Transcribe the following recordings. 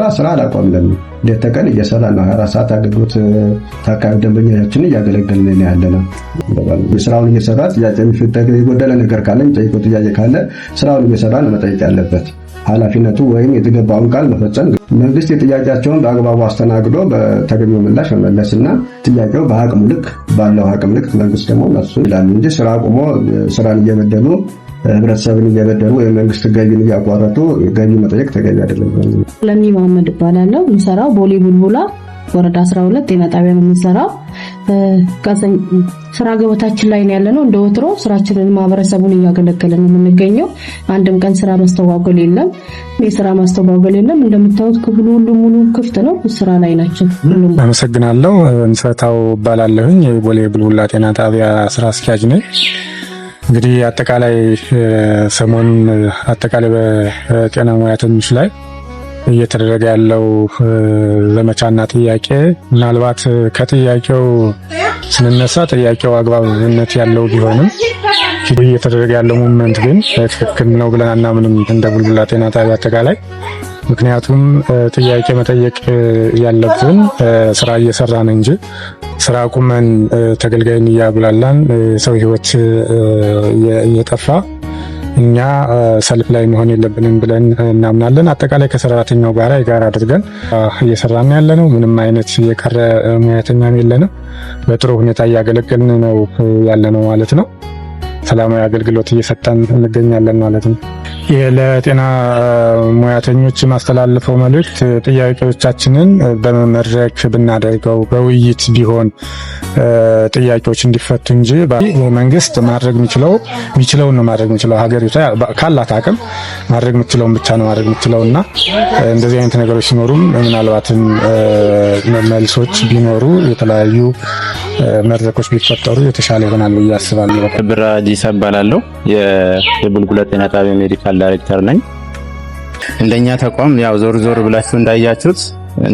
ስራ ስራ አላቆምንም። ሌት ተቀን እየሰራ ነው። አራት ሰዓት አገልግሎት ታካሚ ደንበኛችን እያገለገልን ያለ ነው። ስራውን እየሰራ ጥያቄ የጎደለ ነገር ካለ ጠይቆ ጥያቄ ካለ ስራውን እየሰራ ነው መጠየቅ ያለበት ኃላፊነቱ ወይም የተገባውን ቃል መፈጸም መንግስት የጥያቄያቸውን በአግባቡ አስተናግዶ በተገቢው ምላሽ መመለስና ጥያቄው በአቅም ልክ ባለው አቅም ልክ መንግስት ደግሞ እነሱ ይላሉ እንጂ ስራ ቁሞ ስራን እየበደሉ ህብረተሰብን እየበደሉ ወይም መንግስት ገቢን እያቋረጡ ገቢ መጠየቅ ተገቢ አይደለም። ለሚ መሀመድ እባላለሁ። የምሰራው ቦሌ ቡልቡላ ወረዳ 12 ጤና ጣቢያ ነው የምንሰራው። ስራ ገበታችን ላይ ነው ነው። እንደ ወትሮ ስራችንን ማህበረሰቡን እያገለገለ ነው የምንገኘው አንድም ቀን ስራ ማስተጓጎል የለም። የስራ ማስተጓጎል የለም። እንደምታዩት ክፍሉ ሁሉ ሙሉ ክፍት ነው፣ ስራ ላይ ናቸው። አመሰግናለሁ። ምስረታው እባላለሁኝ የቦሌ ቡልቡላ ጤና ጣቢያ ስራ አስኪያጅ ነኝ። እንግዲህ አጠቃላይ ሰሞን አጠቃላይ በጤና ሙያ ትንሽ ላይ እየተደረገ ያለው ዘመቻና ጥያቄ ምናልባት ከጥያቄው ስንነሳ ጥያቄው አግባብነት ያለው ቢሆንም እየተደረገ ያለው ሙመንት ግን ትክክል ነው ብለን አናምንም። እንደ ቡልቡላ ጤና ጣቢያ አጠቃላይ ምክንያቱም ጥያቄ መጠየቅ ያለብን ስራ እየሰራን እንጂ ስራ ቁመን ተገልጋይን እያብላላን ሰው ህይወት እየጠፋ እኛ ሰልፍ ላይ መሆን የለብንም ብለን እናምናለን። አጠቃላይ ከሰራተኛው ጋር የጋራ አድርገን እየሰራን ያለ ነው። ምንም አይነት የቀረ ሙያተኛም የለንም። በጥሩ ሁኔታ እያገለገልን ነው ያለ ነው ማለት ነው። ሰላማዊ አገልግሎት እየሰጠን እንገኛለን ማለት ነው። ለጤና ሙያተኞች የማስተላልፈው መልእክት ጥያቄዎቻችንን በመድረክ ብናደርገው በውይይት ቢሆን ጥያቄዎች እንዲፈቱ እንጂ መንግስት ማድረግ የሚችለው የሚችለውን ነው ማድረግ የሚችለው ሀገሪቷ ካላት አቅም ማድረግ የምትለውን ብቻ ነው ማድረግ የምትለው እና እንደዚህ አይነት ነገሮች ሲኖሩም ምናልባትም መልሶች ቢኖሩ የተለያዩ መድረኮች ቢፈጠሩ የተሻለ ይሆናል ብዬ አስባለሁ። ብራ ጂሳ እባላለሁ። የቡልቡላ ጤና ጣቢያ ሜዲካል ዳይሬክተር ነኝ። እንደኛ ተቋም ያው ዞር ዞር ብላችሁ እንዳያችሁት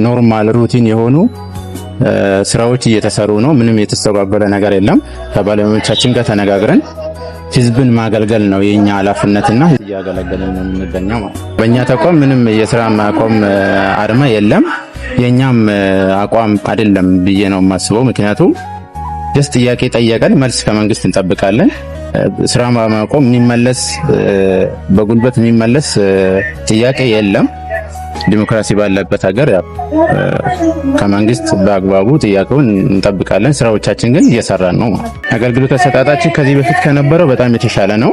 ኖርማል ሩቲን የሆኑ ስራዎች እየተሰሩ ነው። ምንም የተስተጓጎለ ነገር የለም። ከባለሙያዎቻችን ጋር ተነጋግረን ህዝብን ማገልገል ነው የኛ ኃላፊነትና እያገለገልን ነው የምንገኘው ማለት ነው። በእኛ ተቋም ምንም የስራ ማቆም አድማ የለም። የእኛም አቋም አይደለም ብዬ ነው የማስበው ምክንያቱም ደስ ጥያቄ ጠየቀን፣ መልስ ከመንግስት እንጠብቃለን። ስራ ማቆም የሚመለስ በጉልበት የሚመለስ ጥያቄ የለም። ዲሞክራሲ ባለበት ሀገር ከመንግስት በአግባቡ ጥያቄውን እንጠብቃለን። ስራዎቻችን ግን እየሰራን ነው። አገልግሎት አሰጣጣችን ከዚህ በፊት ከነበረው በጣም የተሻለ ነው።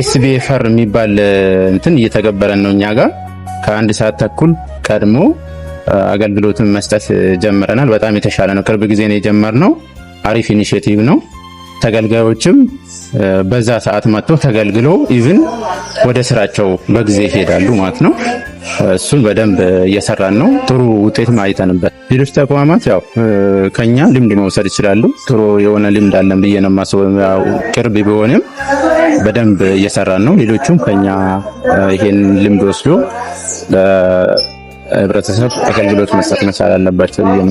ኤስቢኤፈር የሚባል እንትን እየተገበረን ነው። እኛ ጋር ከአንድ ሰዓት ተኩል ቀድሞ አገልግሎትን መስጠት ጀምረናል። በጣም የተሻለ ነው። ቅርብ ጊዜ ነው የጀመርነው። አሪፍ ኢኒሼቲቭ ነው። ተገልጋዮችም በዛ ሰዓት መጥቶ ተገልግሎ ኢቭን ወደ ስራቸው በጊዜ ይሄዳሉ ማለት ነው። እሱን በደንብ እየሰራን ነው። ጥሩ ውጤት አይተንበት። ሌሎች ተቋማት ያው ከኛ ልምድ መውሰድ ይችላሉ። ጥሩ የሆነ ልምድ አለን ብዬ ነው የማስበው። ያው ቅርብ ቢሆንም በደንብ እየሰራን ነው። ሌሎቹም ከኛ ይሄን ልምድ ወስዶ ለህብረተሰብ አገልግሎት መስጠት መቻል አለባቸው።